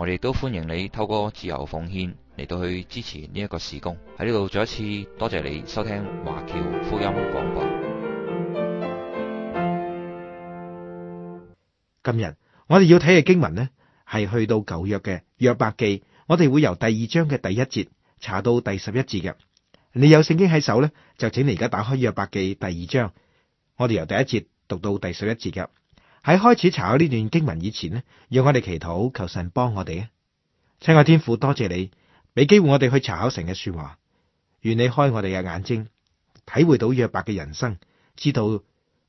我哋都歡迎你透過自由奉獻嚟到去支持呢一個事工。喺呢度再一次多謝你收聽華僑福音廣播。今日我哋要睇嘅經文呢，係去到舊約嘅約伯記，我哋會由第二章嘅第一節查到第十一節嘅。你有聖經喺手呢，就請你而家打開約伯記第二章，我哋由第一節讀到第十一節嘅。喺開始查考呢段經文以前呢，要我哋祈禱，求神幫我哋啊，親愛天父多謝你俾機會我哋去查考神嘅說話，願你開我哋嘅眼睛，體會到約伯嘅人生，知道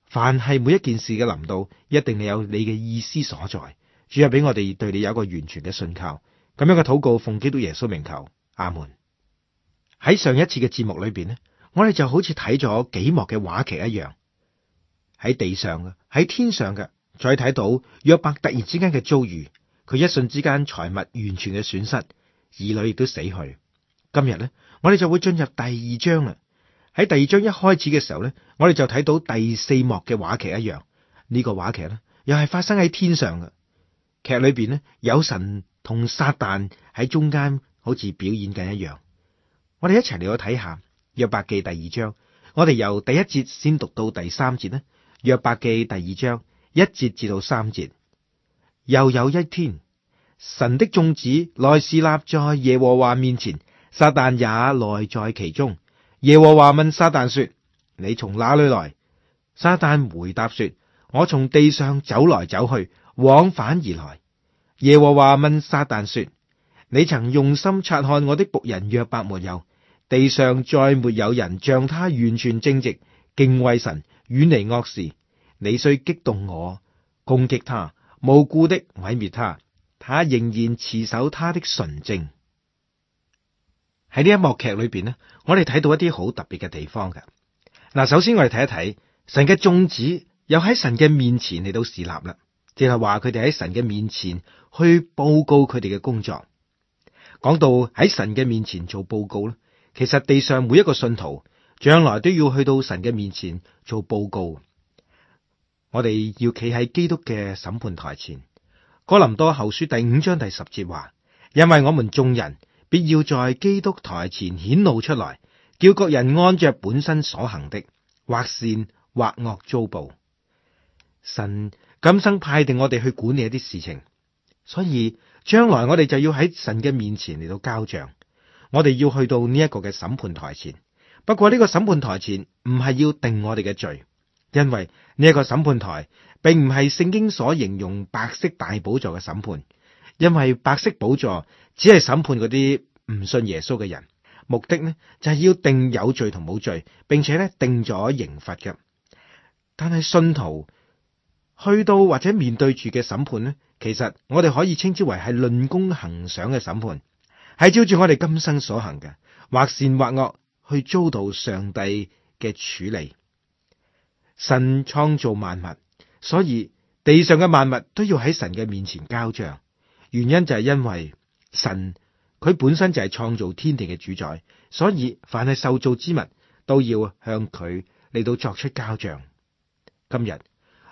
凡係每一件事嘅臨到，一定係有你嘅意思所在。主啊，俾我哋對你有一個完全嘅信靠。咁樣嘅禱告奉基督耶穌名求，阿門。喺上一次嘅節目裏邊呢，我哋就好似睇咗幾幕嘅話劇一樣，喺地上嘅，喺天上嘅。再睇到約伯突然之間嘅遭遇，佢一瞬之間財物完全嘅損失，兒女亦都死去。今日咧，我哋就會進入第二章啦。喺第二章一開始嘅時候咧，我哋就睇到第四幕嘅話劇一樣，這個、呢個話劇咧又係發生喺天上嘅劇裏邊呢，有神同撒旦喺中間好似表演緊一樣。我哋一齊嚟去睇下約伯記第二章。我哋由第一節先讀到第三節咧，約伯記第二章。一節至到三節，又有一天，神的眾子來侍立在耶和華面前，撒但也來在其中。耶和華問撒但說：你從哪裏來？撒但回答說：我從地上走來走去，往返而來。耶和華問撒但說：你曾用心察看我的僕人約伯沒有？地上再沒有人像他完全正直，敬畏神，遠離惡事。你雖激動我，攻擊他，無故的毀滅他，他仍然持守他的純正。喺呢一幕劇裏邊咧，我哋睇到一啲好特別嘅地方嘅。嗱，首先我哋睇一睇神嘅眾子，又喺神嘅面前嚟到侍立啦，即係話佢哋喺神嘅面前去報告佢哋嘅工作。講到喺神嘅面前做報告咧，其實地上每一個信徒將來都要去到神嘅面前做報告。我哋要企喺基督嘅審判台前，《哥林多後書》第五章第十節話：因為我們眾人必要在基督台前顯露出來，叫各人按着本身所行的，或善或惡遭報。神噉生派定我哋去管理一啲事情，所以將來我哋就要喺神嘅面前嚟到交賬。我哋要去到呢一個嘅審判台前，不過呢個審判台前唔係要定我哋嘅罪。因為呢個審判台，並唔係聖經所形容白色大寶座嘅審判，因為白色寶座只係審判嗰啲唔信耶穌嘅人，目的咧就係要定有罪同冇罪，並且咧定咗刑罰嘅。但係信徒去到或者面對住嘅審判咧，其實我哋可以稱之為係論功行賞嘅審判，係照住我哋今生所行嘅，或善或惡，去遭到上帝嘅處理。神創造萬物，所以地上嘅萬物都要喺神嘅面前交賬。原因就係因為神佢本身就係創造天地嘅主宰，所以凡係受造之物都要向佢嚟到作出交賬。今日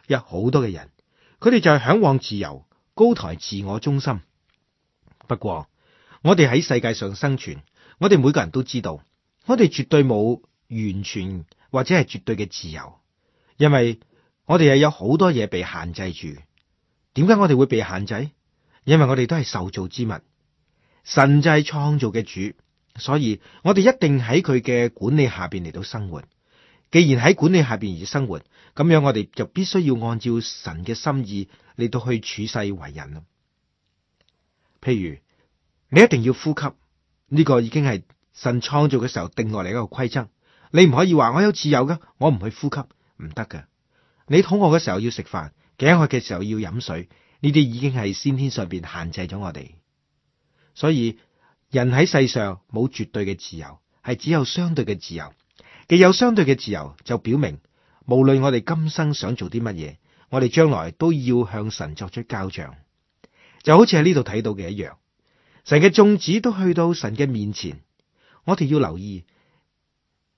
有好多嘅人，佢哋就係向往自由，高抬自我中心。不過，我哋喺世界上生存，我哋每個人都知道，我哋絕對冇完全或者係絕對嘅自由。因為我哋係有好多嘢被限制住，點解我哋會被限制？因為我哋都係受造之物，神就係創造嘅主，所以我哋一定喺佢嘅管理下邊嚟到生活。既然喺管理下邊而生活，咁樣我哋就必須要按照神嘅心意嚟到去處世為人啦。譬如你一定要呼吸，呢個已經係神創造嘅時候定落嚟一個規則，你唔可以話我有自由噶，我唔去呼吸。唔得㗎，你肚餓嘅時候要食飯，頸渴嘅時候要飲水，呢啲已經係先天上面限制咗我哋。所以人喺世上冇絕對嘅自由，係只有相對嘅自由。既有相對嘅自由，就表明無論我哋今生想做啲乜嘢，我哋將來都要向神作出交賬。就好似喺呢度睇到嘅一樣，神嘅眾子都去到神嘅面前。我哋要留意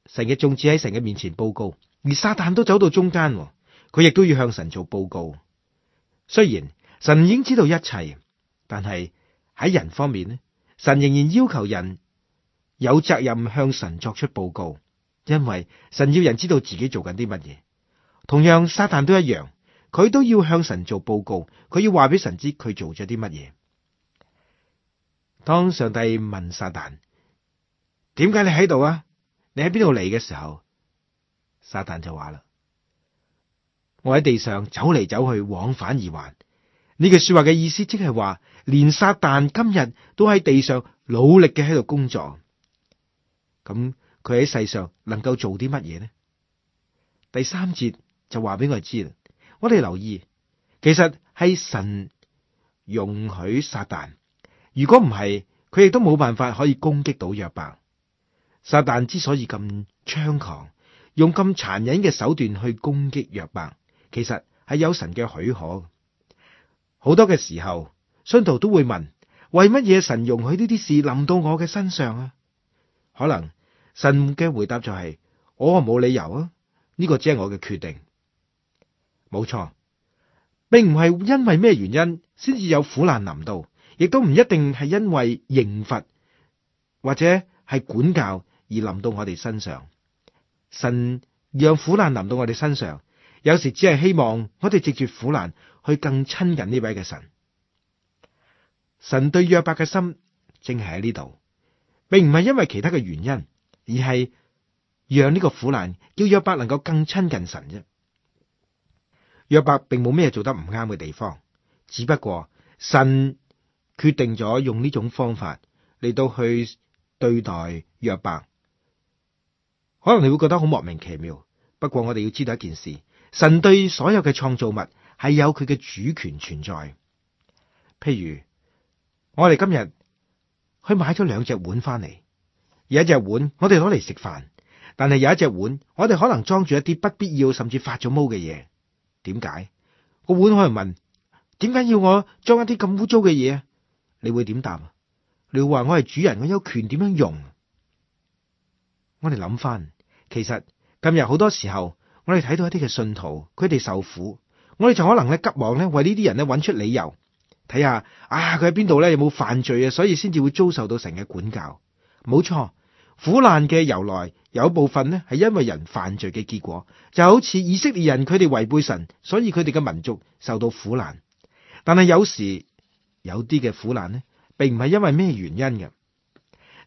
神嘅眾子喺神嘅面前報告。而撒旦都走到中間，佢亦都要向神做報告。雖然神已經知道一切，但係喺人方面呢，神仍然要求人有責任向神作出報告，因為神要人知道自己做緊啲乜嘢。同樣，撒旦都一樣，佢都要向神做報告，佢要話俾神知佢做咗啲乜嘢。當上帝問撒旦：點解你喺度啊？你喺邊度嚟嘅時候？撒旦就話啦：我喺地上走嚟走去，往返而還。呢句說話嘅意思，即係話連撒旦今日都喺地上努力嘅喺度工作。咁佢喺世上能夠做啲乜嘢呢？第三節就話俾我知啦。我哋留意，其實係神容許撒旦。如果唔係，佢亦都冇辦法可以攻擊到約伯。撒旦之所以咁猖狂。用咁殘忍嘅手段去攻擊約伯，其實係有神嘅許可。好多嘅時候，信徒都會問：為乜嘢神容許呢啲事臨到我嘅身上啊？可能神嘅回答就係、是：我冇理由啊！呢、這個只係我嘅決定。冇錯，並唔係因為咩原因先至有苦難臨到，亦都唔一定係因為刑罰或者係管教而臨到我哋身上。神讓苦難臨到我哋身上，有時只係希望我哋藉住苦難去更親近呢位嘅神。神對約伯嘅心正係喺呢度，並唔係因為其他嘅原因，而係讓呢個苦難叫約伯能夠更親近神啫。約伯並冇咩做得唔啱嘅地方，只不過神決定咗用呢種方法嚟到去對待約伯。可能你會覺得好莫名其妙，不過我哋要知道一件事：神對所有嘅創造物係有佢嘅主權存在。譬如我哋今日去買咗兩隻碗翻嚟，有一隻碗我哋攞嚟食飯，但係有一隻碗我哋可能裝住一啲不必要甚至發咗毛嘅嘢。點解？個碗可能問：點解要我裝一啲咁污糟嘅嘢？你會點答？你話我係主人，我有權點樣用？我哋諗翻，其實今日好多時候，我哋睇到一啲嘅信徒，佢哋受苦，我哋就可能咧急忙咧為呢啲人咧揾出理由睇下啊，佢喺邊度咧有冇犯罪啊，所以先至會遭受到神嘅管教。冇錯，苦難嘅由來有部分咧係因為人犯罪嘅結果，就好似以色列人佢哋違背神，所以佢哋嘅民族受到苦難。但係有時有啲嘅苦難咧，並唔係因為咩原因嘅。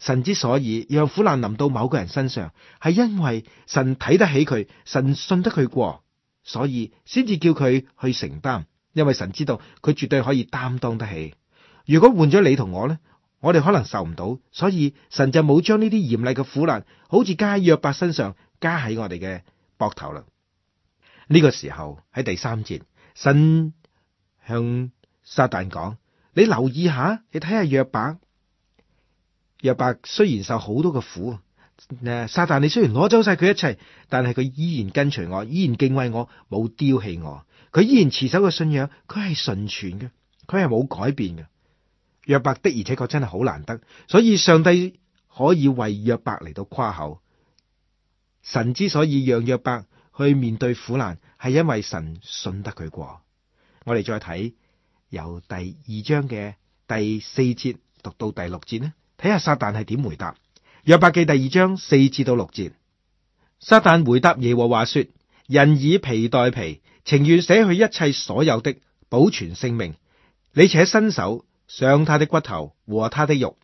神之所以讓苦難臨到某個人身上，係因為神睇得起佢，神信得佢過，所以先至叫佢去承擔。因為神知道佢絕對可以擔當得起。如果換咗你同我呢，我哋可能受唔到，所以神就冇將呢啲嚴厲嘅苦難，好似加喺約伯身上，加喺我哋嘅膊頭啦。呢個時候喺第三節，神向撒旦講：「你留意下，你睇下約伯。約伯雖然受好多嘅苦，誒，撒但你雖然攞走晒佢一切，但係佢依然跟隨我，依然敬畏我，冇丟棄我，佢依然持守個信仰，佢係純全嘅，佢係冇改變嘅。約伯的而且確真係好難得，所以上帝可以為約伯嚟到誇口。神之所以讓約伯去面對苦難，係因為神信得佢過。我哋再睇由第二章嘅第四節讀到第六節呢？睇下撒旦係點回答，約伯記第二章四至到六節。撒旦回答耶和華說：人以皮代皮，情願捨去一切所有的，保存性命。你且伸手傷他的骨頭和他的肉，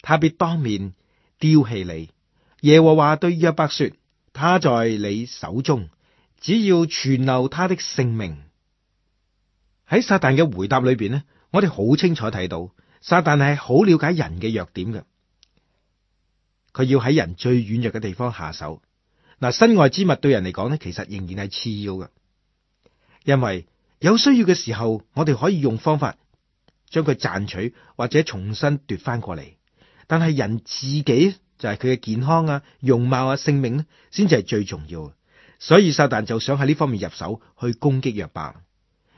他必當面丟棄你。耶和華對約伯說：他在你手中，只要存留他的性命。喺撒旦嘅回答裏邊咧，我哋好清楚睇到。撒旦係好了解人嘅弱點嘅，佢要喺人最軟弱嘅地方下手嗱。身外之物對人嚟講咧，其實仍然係次要嘅，因為有需要嘅時候，我哋可以用方法將佢賺取或者重新奪翻過嚟。但係人自己就係佢嘅健康啊、容貌啊、性命咧，先至係最重要。所以撒旦就想喺呢方面入手去攻擊約伯。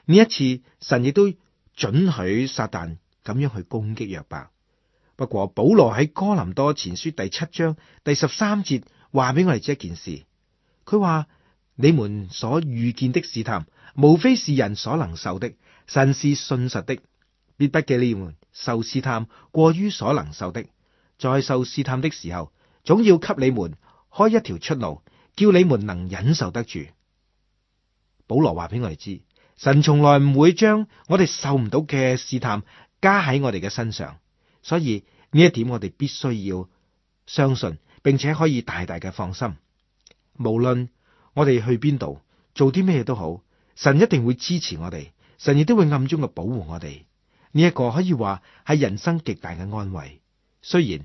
呢一次神亦都准許撒旦，咁樣去攻擊約伯。不過保羅喺哥林多前書第七章第十三節話俾我哋知一件事，佢話：你們所遇見的試探，無非是人所能受的；神是信實的，必不叫你們受試探過於所能受的。在受試探的時候，總要給你們開一條出路，叫你們能忍受得住。保羅話俾我哋知，神從來唔會將我哋受唔到嘅試探。.加喺我哋嘅身上，所以呢一點我哋必須要相信，並且可以大大嘅放心。無論我哋去邊度做啲咩嘢都好，神一定會支持我哋，神亦都會暗中嘅保護我哋。呢一個可以話係人生極大嘅安慰。雖然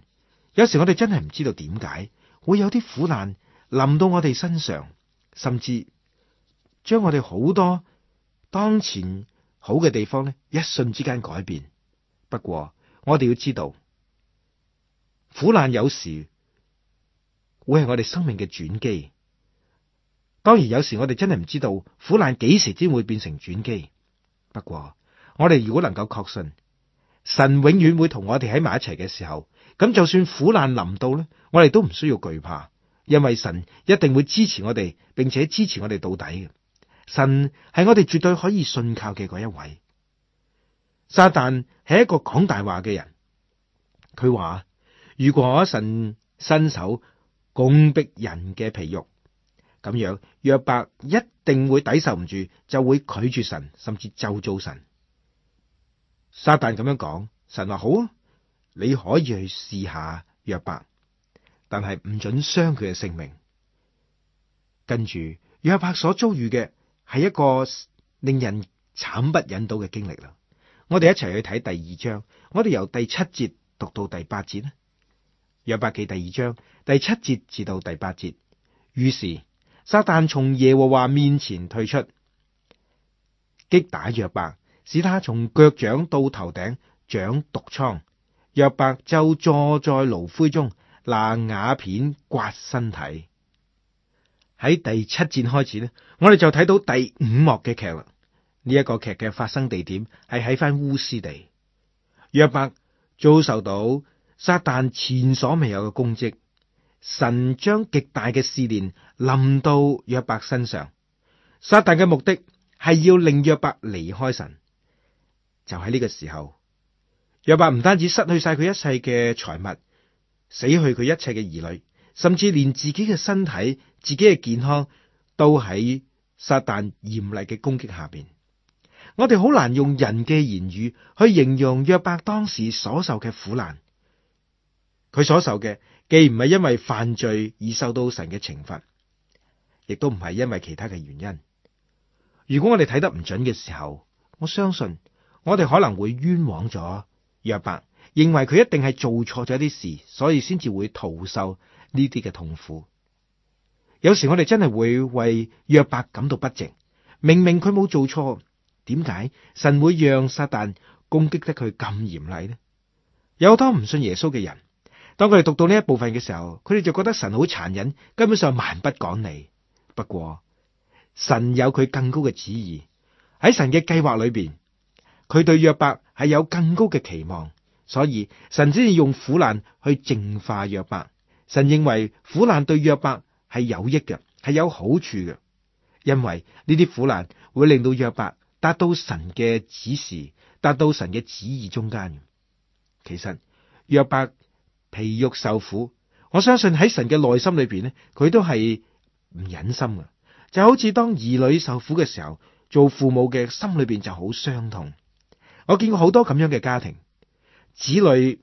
有時我哋真係唔知道點解會有啲苦難臨到我哋身上，甚至將我哋好多當前好嘅地方咧，一瞬之間改變。不過我哋要知道，苦難有時會係我哋生命嘅轉機。當然，有時我哋真係唔知道苦難幾時先會變成轉機。不過，我哋如果能夠確信神永遠會同我哋喺埋一齊嘅時候，咁就算苦難臨到咧，我哋都唔需要懼怕，因為神一定會支持我哋，並且支持我哋到底。神係我哋絕對可以信靠嘅嗰一位。撒但係一個講大話嘅人，佢話如果神伸手攻擊人嘅皮肉，咁樣約伯一定會抵受唔住，就會拒絕神，甚至咒詛神。撒但咁樣講，神話好啊，你可以去試下約伯，但係唔准傷佢嘅性命。跟住約伯所遭遇嘅係一個令人慘不忍睹嘅經歷啦。我哋一齊去睇第二章，我哋由第七節讀到第八節啦。約伯記第二章第七節至到第八節，於是撒但從耶和華面前退出，擊打約伯，使他從腳掌到頭頂長毒瘡。約伯就坐在爐灰中，拿瓦片刮身體。喺第七節開始咧，我哋就睇到第五幕嘅劇啦。呢一個劇嘅發生地點係喺翻烏斯地，約伯遭受到撒旦前所未有嘅攻擊，神將極大嘅試煉臨到約伯身上。撒旦嘅目的係要令約伯離開神。就喺呢個時候，約伯唔單止失去晒佢一切嘅財物，死去佢一切嘅兒女，甚至連自己嘅身體、自己嘅健康都喺撒旦嚴厲嘅攻擊下邊。我哋好難用人嘅言語去形容約伯當時所受嘅苦難。佢所受嘅既唔係因為犯罪而受到神嘅懲罰，亦都唔係因為其他嘅原因。如果我哋睇得唔準嘅時候，我相信我哋可能會冤枉咗約伯，認為佢一定係做錯咗啲事，所以先至會逃受呢啲嘅痛苦。有時我哋真係會為約伯感到不值，明明佢冇做錯。點解神會讓撒但攻擊得佢咁嚴厲呢？有好多唔信耶穌嘅人，當佢哋讀到呢一部分嘅時候，佢哋就覺得神好殘忍，根本上蠻不講理。不過神有佢更高嘅旨意，喺神嘅計劃裏邊，佢對約伯係有更高嘅期望，所以神先至用苦難去淨化約伯。神認為苦難對約伯係有益嘅，係有好處嘅，因為呢啲苦難會令到約伯。達到神嘅指示，達到神嘅旨意中間。其實約伯皮肉受苦，我相信喺神嘅內心裏邊咧，佢都係唔忍心嘅。就好似當兒女受苦嘅時候，做父母嘅心裏邊就好傷痛。我見過好多咁樣嘅家庭，子女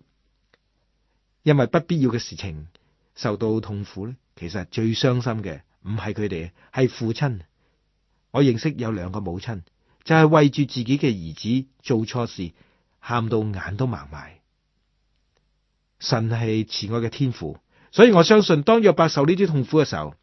因為不必要嘅事情受到痛苦咧，其實最傷心嘅唔係佢哋，係父親。我認識有兩個母親。就係為住自己嘅兒子做錯事，喊到眼都盲埋。神係慈愛嘅天父，所以我相信當約伯受呢啲痛苦嘅時候，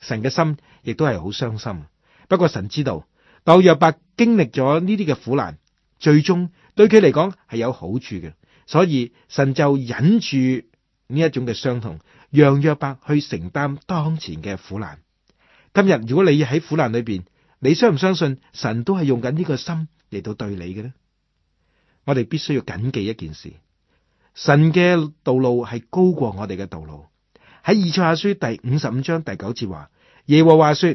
神嘅心亦都係好傷心。不過神知道，當約伯經歷咗呢啲嘅苦難，最終對佢嚟講係有好處嘅。所以神就忍住呢一種嘅傷痛，讓約伯去承擔當前嘅苦難。今日如果你喺苦難裏邊。你相唔相信神都係用緊呢個心嚟到對你嘅咧？我哋必須要謹記一件事：神嘅道路係高過我哋嘅道路。喺以賽亞書第五十五章第九節話：耶和華說，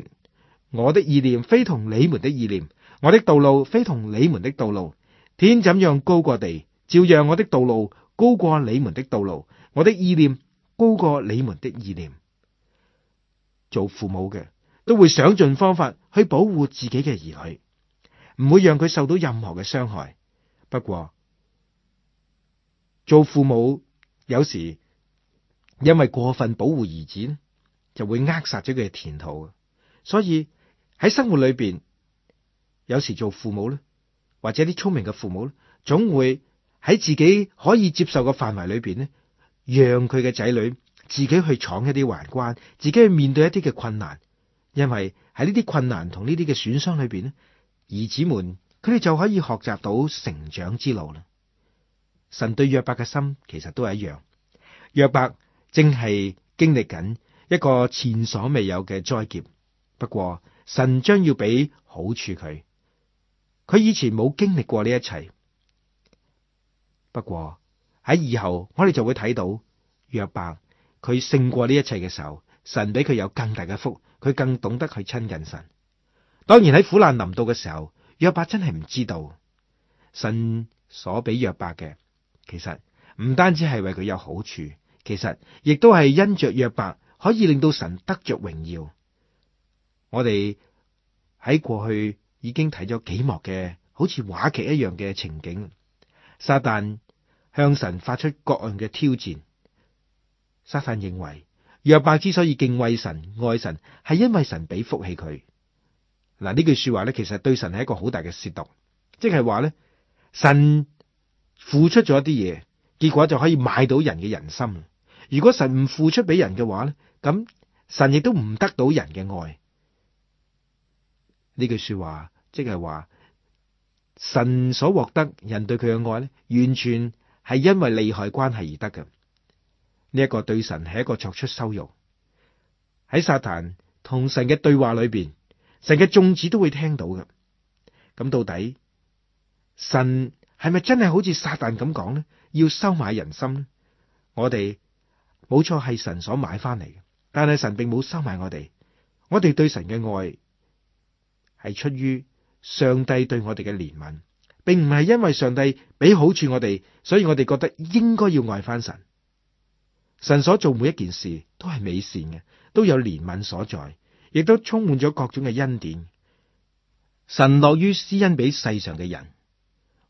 我的意念非同你們的意念，我的道路非同你們的道路。天怎樣高過地，照樣我的道路高過你們的道路，我的意念高過你們的意念。做父母嘅。都會想盡方法去保護自己嘅兒女，唔會讓佢受到任何嘅傷害。不過做父母有時因為過分保護兒子，就會扼殺咗佢嘅前途。所以喺生活裏邊，有時做父母咧，或者啲聰明嘅父母咧，總會喺自己可以接受嘅範圍裏邊咧，讓佢嘅仔女自己去闖一啲難關，自己去面對一啲嘅困難。因為喺呢啲困難同呢啲嘅損傷裏邊咧，兒子們佢哋就可以學習到成長之路啦。神對約伯嘅心其實都係一樣，約伯正係經歷緊一個前所未有嘅災劫。不過神將要俾好處佢，佢以前冇經歷過呢一切。不過喺以後我哋就會睇到約伯佢勝過呢一切嘅時候，神俾佢有更大嘅福。佢更懂得去親近神。當然喺苦難臨到嘅時候，約伯真係唔知道神所俾約伯嘅，其實唔單止係為佢有好處，其實亦都係因着約伯可以令到神得着榮耀。我哋喺過去已經睇咗幾幕嘅，好似話劇一樣嘅情景。撒旦向神發出各樣嘅挑戰。撒旦認為。約伯之所以敬畏神、愛神，係因為神俾福氣佢。嗱呢句說話咧，其實對神係一個好大嘅褻瀆，即係話咧，神付出咗一啲嘢，結果就可以買到人嘅人心。如果神唔付出俾人嘅話咧，咁神亦都唔得到人嘅愛。呢句說話，即係話神所獲得人對佢嘅愛咧，完全係因為利害關係而得嘅。呢一個對神係一個作出羞辱。喺撒旦同神嘅對話裏邊，神嘅眾子都會聽到嘅。咁到底神係咪真係好似撒旦咁講呢？要收買人心呢？我哋冇錯係神所買翻嚟嘅，但係神並冇收買我哋。我哋對神嘅愛係出於上帝對我哋嘅憐憫，並唔係因為上帝俾好處我哋，所以我哋覺得應該要愛翻神。神所做每一件事都係美善嘅，都有憐憫所在，亦都充滿咗各種嘅恩典。神樂於施恩俾世上嘅人，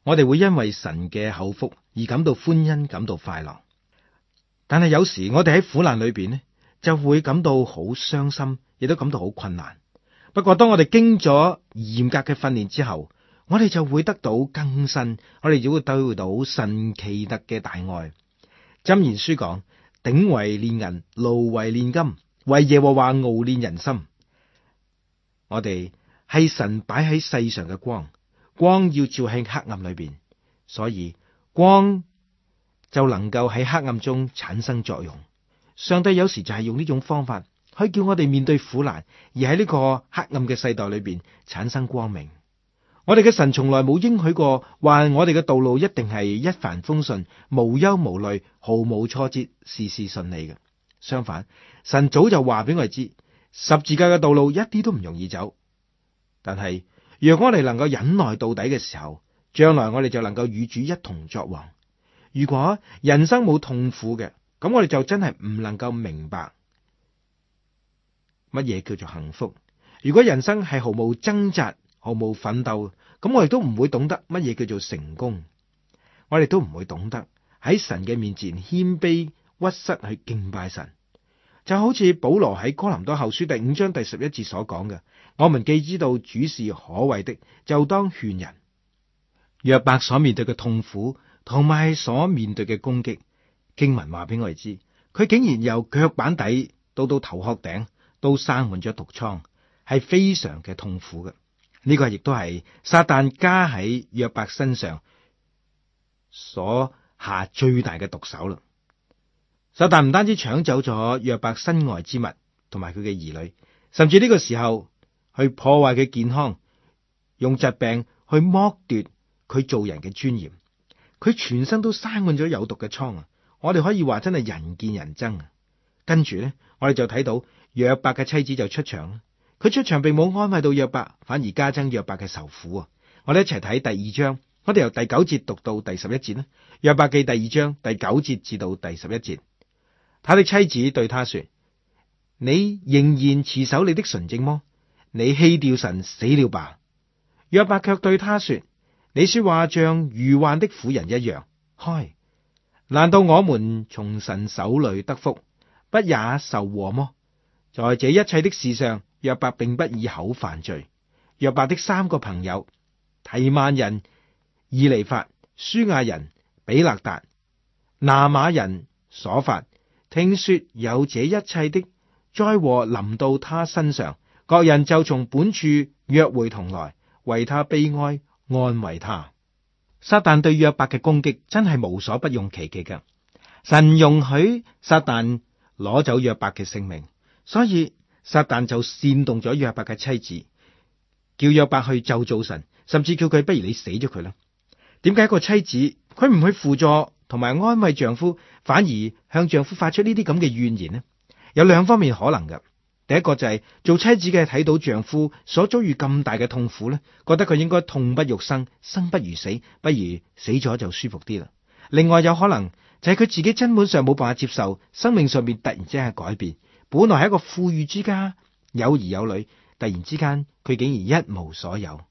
我哋會因為神嘅口福而感到歡欣，感到快樂。但係有時我哋喺苦難裏邊呢，就會感到好傷心，亦都感到好困難。不過當我哋經咗嚴格嘅訓練之後，我哋就會得到更新，我哋就會體會到神奇特嘅大愛。箴言書講。頂為煉銀，爐為煉金，為耶和華熬煉人心。我哋係神擺喺世上嘅光，光要照向黑暗裏邊，所以光就能夠喺黑暗中產生作用。上帝有時就係用呢種方法，可以叫我哋面對苦難，而喺呢個黑暗嘅世代裏邊產生光明。我哋嘅神從來冇應許過，話我哋嘅道路一定係一帆風順、無憂無慮、毫無挫折、事事順利嘅。相反，神早就話俾我哋知，十字架嘅道路一啲都唔容易走。但係，若我哋能夠忍耐到底嘅時候，將來我哋就能夠與主一同作王。如果人生冇痛苦嘅，咁我哋就真係唔能夠明白乜嘢叫做幸福。如果人生係毫無掙扎。我冇奮鬥，咁我哋都唔會懂得乜嘢叫做成功。我哋都唔會懂得喺神嘅面前謙卑屈膝去敬拜神，就好似保羅喺哥林多後書第五章第十一節所講嘅。我們既知道主是可畏的，就當勸人。約伯所面對嘅痛苦同埋所面對嘅攻擊，經文話俾我哋知，佢竟然由腳板底到到頭殼頂都生滿咗毒瘡，係非常嘅痛苦嘅。呢個亦都係撒旦加喺約伯身上所下最大嘅毒手啦！撒旦唔單止搶走咗約伯身外之物，同埋佢嘅兒女，甚至呢個時候去破壞佢健康，用疾病去剝奪佢做人嘅尊嚴。佢全身都生滿咗有毒嘅瘡啊！我哋可以話真係人見人憎啊！跟住咧，我哋就睇到約伯嘅妻子就出場啦。佢出場並冇安慰到約伯，反而加增約伯嘅仇苦啊！我哋一齊睇第二章，我哋由第九節讀到第十一節啦。約伯記第二章第九節至到第十一節，他的妻子對他說：你仍然持守你的純正麼？你棄掉神死了吧？約伯卻對他說：你說話像愚幻的婦人一樣。嗨、哎，難道我們從神手裏得福，不也受禍麼？在這一切的事上。若約伯並不以口犯罪，若約伯的三個朋友提幔人、以利法、書亞人、比勒達、拿馬人、瑣法，聽說有這一切的災禍臨到他身上，各人就從本處約會同來，為他悲哀，安慰他。撒但對約伯嘅攻擊真係無所不用其極嘅，神容許撒但攞走約伯嘅性命，所以。撒但就煽動咗約伯嘅妻子，叫約伯去咒詛神，甚至叫佢不如你死咗佢啦。點解一個妻子佢唔去輔助同埋安慰丈夫，反而向丈夫發出呢啲咁嘅怨言呢？有兩方面可能嘅，第一個就係、是、做妻子嘅睇到丈夫所遭遇咁大嘅痛苦咧，覺得佢應該痛不欲生，生不如死，不如死咗就舒服啲啦。另外有可能就係佢自己根本上冇辦法接受生命上面突然之間嘅改變。本來係一個富裕之家，有兒有女，突然之間佢竟然一無所有。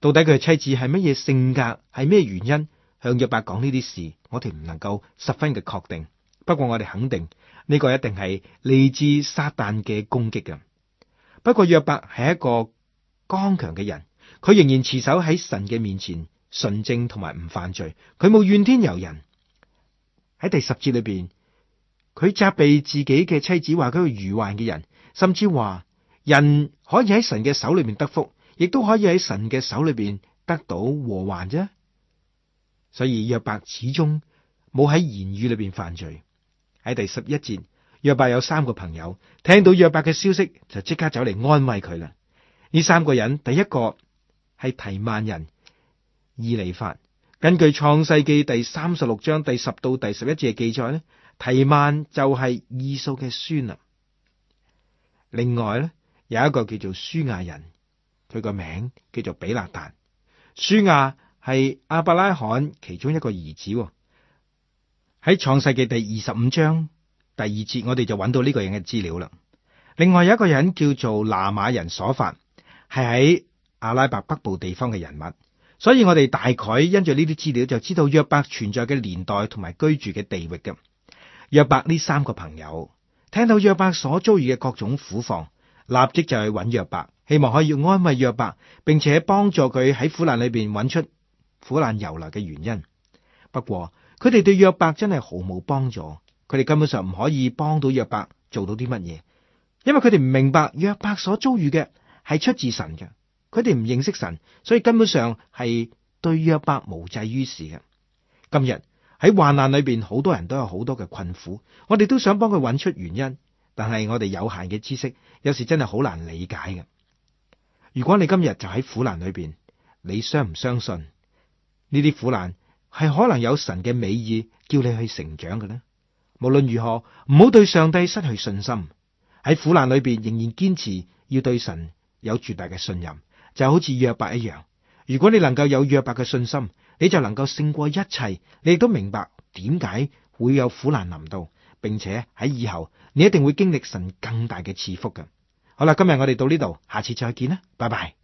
到底佢嘅妻子係乜嘢性格，係咩原因向約伯講呢啲事，我哋唔能夠十分嘅確定。不過我哋肯定呢個一定係嚟自撒但嘅攻擊嘅。不過約伯係一個剛強嘅人，佢仍然持守喺神嘅面前，純正同埋唔犯罪，佢冇怨天尤人。喺第十節裏邊。佢責備自己嘅妻子，話佢係愚頑嘅人，甚至話人可以喺神嘅手裏面得福，亦都可以喺神嘅手裏邊得到禍患啫。所以約伯始終冇喺言語裏邊犯罪。喺第十一節，約伯有三個朋友，聽到約伯嘅消息就即刻走嚟安慰佢啦。呢三個人第一個係提幔人以利法，根據創世記第三十六章第十到第十一節嘅記載咧。提曼就係以掃嘅孫啊。另外咧，有一個叫做舒亞人，佢個名叫做比勒達。舒亞係亞伯拉罕其中一個兒子。喺創世記嘅第二十五章第二節，我哋就揾到呢個人嘅資料啦。另外有一個人叫做拿瑪人瑣法，係喺阿拉伯北部地方嘅人物。所以我哋大概因著呢啲資料就知道約伯存在嘅年代同埋居住嘅地域嘅。約伯呢三個朋友聽到約伯所遭遇嘅各種苦況，立即就去揾約伯，希望可以安慰約伯，並且幫助佢喺苦難裏邊揾出苦難由來嘅原因。不過佢哋對約伯真係毫無幫助，佢哋根本上唔可以幫到約伯做到啲乜嘢，因為佢哋唔明白約伯所遭遇嘅係出自神嘅，佢哋唔認識神，所以根本上係對約伯無濟於事嘅。今日。喺患難裏邊，好多人都有好多嘅困苦，我哋都想幫佢揾出原因，但係我哋有限嘅知識，有時真係好難理解嘅。如果你今日就喺苦難裏邊，你相唔相信呢啲苦難係可能有神嘅美意，叫你去成長嘅呢？無論如何，唔好對上帝失去信心。喺苦難裏邊，仍然堅持要對神有絕大嘅信任，就好似約伯一樣。如果你能夠有約伯嘅信心。你就能夠勝過一切，你亦都明白點解會有苦難臨到，並且喺以後你一定會經歷神更大嘅賜福嘅。好啦，今日我哋到呢度，下次再見啦，拜拜。